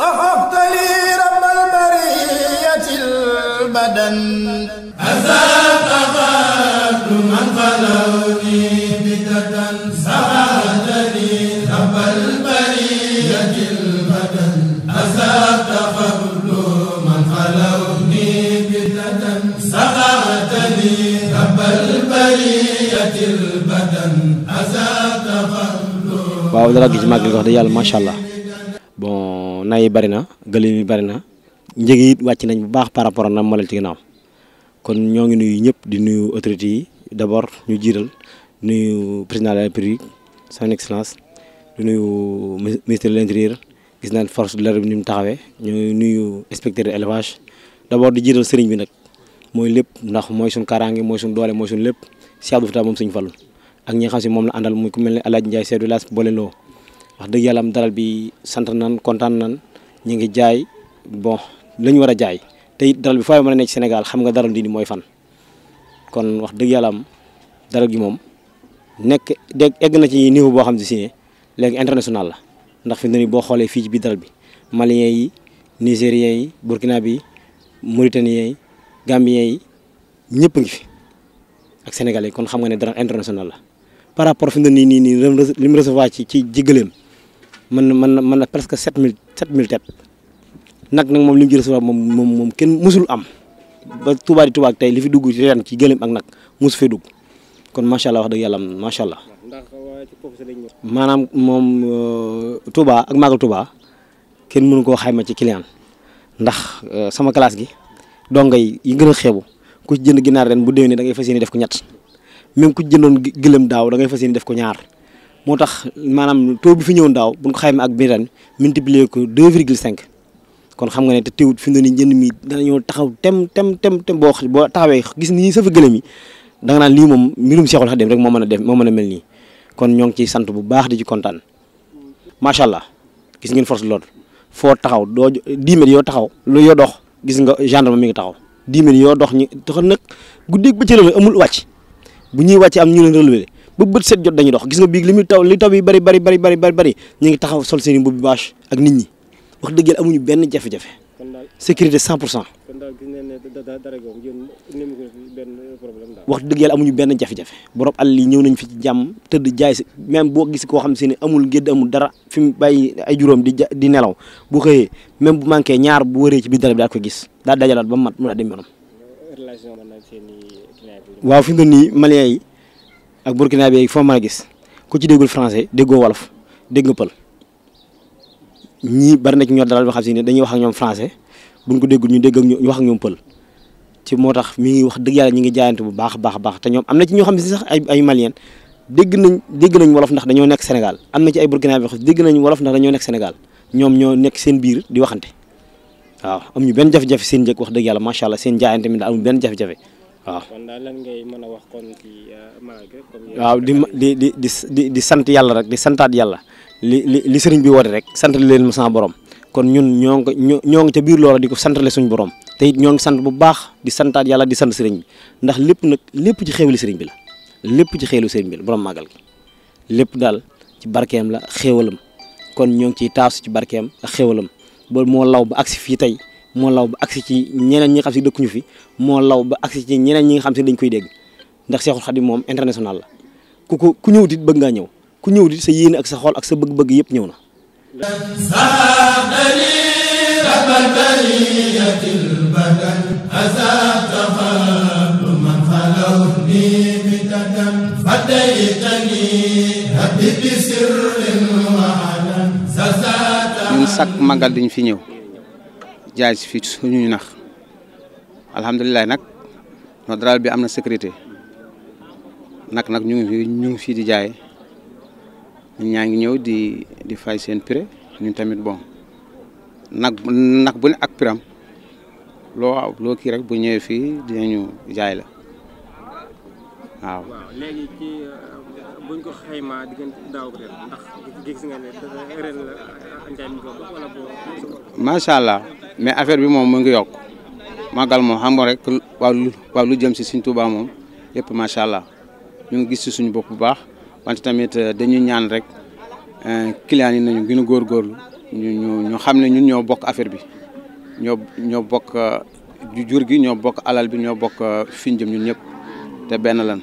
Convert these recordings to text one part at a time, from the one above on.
صفقت لي رب البرية البدن أزال أغاد من خلوني بددا سعاد لي رب البرية البدن أزال قبل من خلوني بددا سعاد لي رب البرية البدن أزال قبل waaw dara gis màggal wax dëgg yàlla nay bari na gëlëm yi bari na njëg yi wacc nañ bu baax par rapport na mo ma ci ginnaaw kon ñoo ngi nuyu ñëpp di nuyu autorité yi d'abord ñu jiital nuyu président de la république son excellence di nuyu ministre de l'intérieur gis naan force de l'arbre bi ni mu taxawee ñu nuyu inspecteur élevage d'abord di jiital sëriñ bi nak moy lepp ndax moy sun kaaraange moy sun doole moy sun lepp Cheikh Abdou Fatah mom suñ fallu ak ñi xam ci mom la andal muy ku melni aladji El seydou las chef de wax deug yalla am dalal bi sant nan contane nan ñi ngi jaay bon lañu wara jaay te it dalal bi foo mën Senegal, Sénégal xam nga dalal moy fan kon wax deug yalla am dalal gi mom nek deg egg na ci niveau bo xam ci si ne international la ndax fi ndani bo xolé fi ci bi dalal bi maliens yi nigériens yi burkina bi mauritaniens yi gambiens yi ñepp ngi fi ak sénégalais kon xam nga né dara international la par rapport fi ndani ni ni lim recevoir ci ci man man man na presque 7000 7000 tête nak nak mom li ngir sama mom mom mom ken musul am ba Touba di Touba ak tay li fi dugg ci ren ci gëlëm ak nak musu fi dugg kon machallah wax dëgg yalla machallah manam mom euh, Touba ak Magal Touba ken mënu ko xayma ci client ndax euh, sama classe gi donga yi yi gën a ku ci jënd ginaar ren bu déwénee da ngay fas def ko ñatt même ku jëndon gëlëm daaw da ngay fas def ko ñaar. moo tax maanaam taux bi fi ñëwoon daaw bu ñu xayma ak biran multiplier ko 2 virgule 5 kon xam nga ne te fi mu ne nii njënd mi danañoo taxaw tem tem tem tem boo boo taxawee gis ni ñuy safa gëlëm yi da nga naan lii moom mbirum Seexul dem rek moo mën a def moo mën a mel nii kon ñoo ngi ciy sant bu baax di ci kontaan macha allah gis ngeen force de foo taxaw doo dix yoo taxaw lu yoo dox gis nga gendarme mi ngi taxaw dix yoo dox ñu taxaw nag guddeeg bëccëg amul wàcc bu ñuy wàcc am ñu leen relevé ba bët set jot dañuy dox gis nga biig li muy taw li taw bi bari bari bari bari bari ñu ngi taxaw sol seen i mbubbi bâche ak nit ñi wax dëgg yàlla amuñu wax dëgg amuñu benn jafe-jafe borom àll yi ñëw nañ fi ci jàmm tëdd jaay si même boo gis koo xam si ne amul gédd amul dara fi mu bàyyi ay juróom di di nelaw bu xëyee même bu manqué ñaar bu wëree ci biir dara bi daal ko gis daal dajalaat ba mat mun a dem yoonam waaw fi ne nii malien ak burkinabé yi foo mën a gis ku ci déggul français déggoo wolof dégg nga pël ñii bari na ci ñoo dalal ba xam si ne dañuy wax ak ñoom français buñ ko déggul ñu dégg ak ñu wax ak pël ci moo tax mi ngi wax dëgg yàlla ñi ngi jaayante bu baax baax baax te ñoom am na ci ñoo xam ne si sax ay ay malien dégg nañ wolof ndax dañoo nekk Sénégal am na ci ay burkinabé xam dégg nañ wolof ndax dañoo nekk Sénégal ñoom ñoo nekk seen biir di waxante waaw am ñu benn jafe-jafe seen njëkk wax dëgg yàlla macha allah seen jaayante mi benn jafe waaw ah. kon daal lan ngay mën a wax kon ci euh, Maga waaw di di di di sant yàlla rek di santaat yàlla li li li sëriñ bi woote rek sant leen mu sama borom kon ñun ñoo ngi ñoo ngi ca biir loola di ko santale suñu borom te it ñoo ngi sant bu baax di santaat yàlla di sant sëriñ bi ndax lépp nag lépp ci xéewali sëriñ bi la lépp ci xéewali sëriñ bi la borom màggal gi lépp daal ci barkeem la xéewalam kon ñoo ngi ciy taasu ci barkeem ak xéewalam ba moo law ba agsi fii tey mo law ba aksi ci ñeneen ñi nga xam si dëkkuñu fi mo law ba aksi ci ñeneen ñi xam ci dañ koy dégg ndax cheikhul khadim mom international la ku ko ku ñew dit bëgg nga ñew ku ñew dit sa yeen ak sa xol ak sa bëgg-bëgg yépp ñew na ñun sàkk màggal dañ fi ñew jaay si fii suñuy nax alhamdulilah nag no daral bi am na sécurité nag nag ñu ngi fi ñu ngi fii di jaay ñun ñaa ngi ñëw di di fay seen prix ñu tamit bon nag bu ne ak piram loo loo kii rek bu ñëwee fii dinañu jaay la waaw léegi ci euh, buñ ko xaymaa diggante daaw ren ndax gis nga ne ren la euh, njaay mi ko wala macha allah mais affaire bi moom mu ngi yokk màggal moom xam rek waaw lu jëm si suñ Tuubaa moom yëpp macha allah ñu ngi gis si suñu bopp bu baax wante tamit euh, dañuy ñaan rek clients yi nañu gën a góorgóorlu ñu ñu ñu xam ñun ñoo bokk affaire bi ñoo ñoo bokk jur gi ñoo alal bi ñoo jëm ñun ñëpp te lan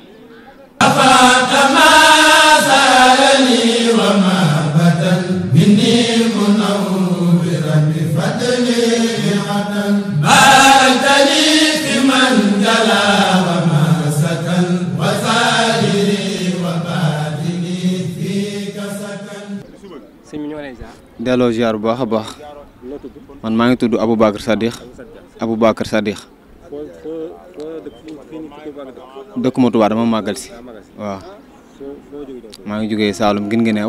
delloo ziar bu bah. baax man Abu ngi sadiq Abu Bakar sadiq Sadikh mo Tuubaa dama magal si waaw maa ngi jógee Saalum gin ya.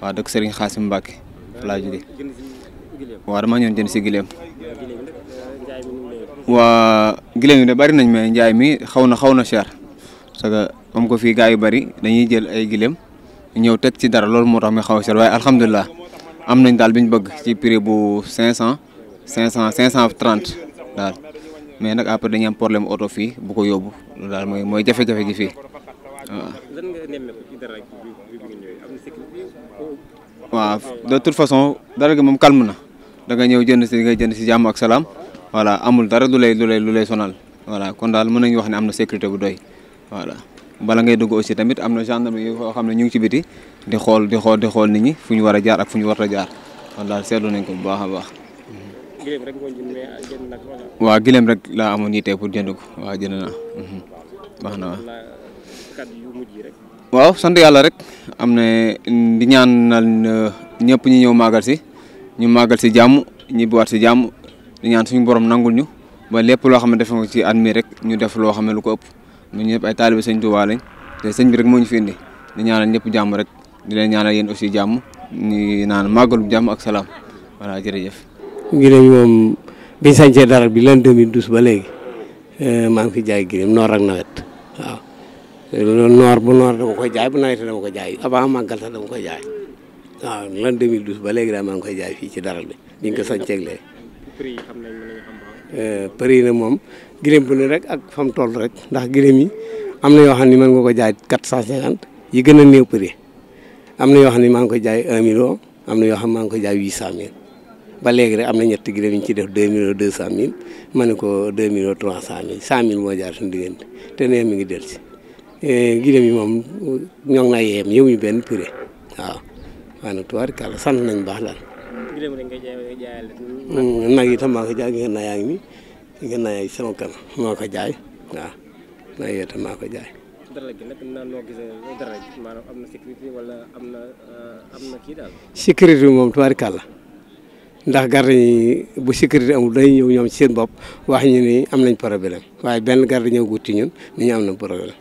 waaw dëkk Serigne Xaasim Mbacke fa laa jógee waaw dama ñëwoon jënd si waa yi de bari nañ mais njaay mi xaw na xaw na cher parce que comme ko fii gars yu bari dañuy jël ay gileem ñëw teg ci dara loolu moo tax muy xaw a am nañ daal bi ñu bëgg ci prix bu 500 500 530 daal mais nag après dañuy am problème oto fii bu ko yóbbu loolu daal mooy mooy waaw de toute façon dara gi moom calme na da ñëw jënd si ngay jënd si jàmm ak salaam voilà amul dara lu lay lu lay lu lay sonal voilà kon daal mën nañu wax ne am na sécurité bu doy voilà. bala ngay dugg aussi tamit am na gendarme yi xam ne ñu ngi ci biti di xool di xool di xool nit ñi fu ñu war a jaar ak fu ñu war jaar kon daal seetlu nañ ko bu baax a baax. gileem gileem rek laa amoon yitte pour jënd ko waaw jënd naa mhm. baax na waaw. kàddu yu mujj waaw sant yàlla rek am na di ñaanal uh, ñëpp ñu ñëw màggal si ñu màggal si jàmm ñibbiwaat si jàmm ñaan suñu borom nangul ñu lépp loo xam ne def ci at rek ñu def loo xam ne lu ko ëpp ñun ñëpp ay taalibe sëñ Tuubaa lañ te sëñ bi rek moo ñu fi indi di ñaanal ñëpp jàmm rek di leen ñaanal yéen aussi jàmm ñu naan màggalu jàmm ak salaam voilà jërëjëf. Ngirëm moom biñ sañcee dara bi leen 2012 ba léegi eh, maa ngi fi jaay Ngirëm noor ak nawet waaw. noor bu noor dama ko jaay bu nawet dama ko jaay avant màggal sax dama koy jaay waaw lan 2012 ba léegi daal maa ngi koy jaay fii ci daral bi ni nga ko sànceeg lee. prix yi xam nañ xam euh, yi nag moom gëléem bu rek ak fa mu rek ndax gëléem yi am na yoo xam ne mën nga ko jaay 450 yi gën a néew prix na yoo xam ne maa ngi koy jaay 1 million am na yoo xam maa ngi koy jaay 800000 ba léegi rek am na ñetti gëléem yi ñu ci def 2 millions 200000 ma ne ko 2 millions 300000 100000 moo jaar suñu diggante te nee mi ngi dellu si. Eh, gile mi mom ñong na naa yem yëmuñu ben purée waaw ah, ana tuar kala san nañ baax daal. gileem rek nga jaay nag jaay ngeen sama kan moko jaay ah, waaw nag tamako jaay. dara gi nag naan noo dara gi maanaam sécurité wala am amna, ah, am na sécurité bi moom tuwaar kàlla ndax garde yi bu sécurité amul day ñëw ñoom seen bopp wax ñu ni am nañ problème waaye benn garde ñëw guuti ñun ni ñu am na problème.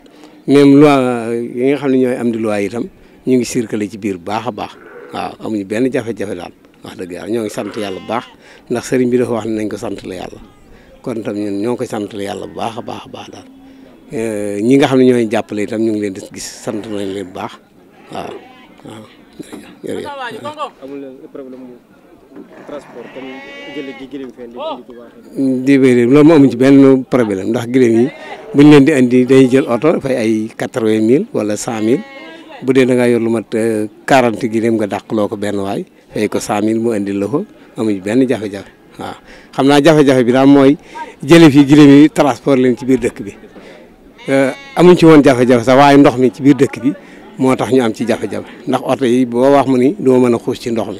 même loi yi nga xam ne ñooy am di loi itam ñu ngi circulé ci biir baax a baax waaw amuñu benn jafe-jafe daal wax dëgg ñoo ngi sant yàlla bu baax ndax sëriñ bi dafa wax ne nañ ko sant la yàlla kon tam ñun ñoo ngi koy sant la yàlla bu baax a baax a baax daal euh, ñi nga xam ne ñooy jàppale itam ñu ngi leen di gis sant nañ leen bu baax waaw Oh. di bari lo mo amuñ ci benn problème ndax gëlëm yi buñ leen di andi day jël auto fay ay 80000 wala 100000 budé da nga yor lu mat 40 gëlëm nga dàqloo ko benn way fay ko 100000 mu andi la ko amuñ benn jafe jafé waaw xam naa jafé jafe bi da moy jëlé fi gëlëm yi transport leen ci biir dëkk bi euh amuñ ci won jafé jafé sa way ndox mi ci biir dëkk bi motax ñu am ci jafé jafé ndax auto yi bo wax mu ni do mëna a ci ndox mi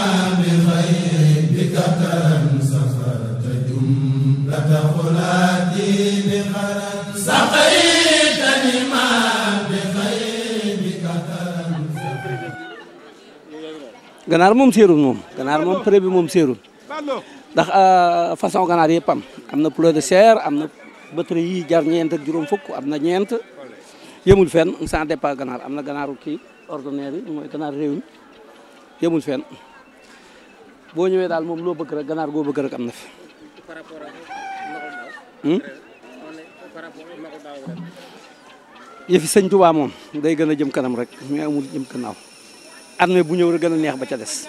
ganaar moom séerul moom ganaar moom prix bi moom séerul ndax euh, façon ganaar yëpp am am na poulet de chair am na batterie yi jar ñeent juróom fukk am na ñeent yëmul fenn sans départ ganaar am na ganaaru kii ordinaire yi mooy ganaar réew mi yëmul fenn boo ñëwee daal moom loo bëgg rek ganaar goo bëgg rek am na fi hmm? yëfi sëñ Tuubaa moom day gën a jëm kanam rek mais amul jëm kanaaw armée bu ñëw rek gën a neex ba ca des.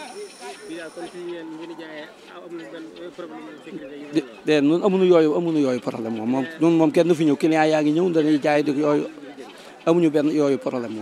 de noonu amuñu yooyu amuñu yooyu problème moom moom noonu moom kenn du fi ñëw client yaa ngi ñëw dañuy jaay di yooyu amuñu benn yooyu problème moom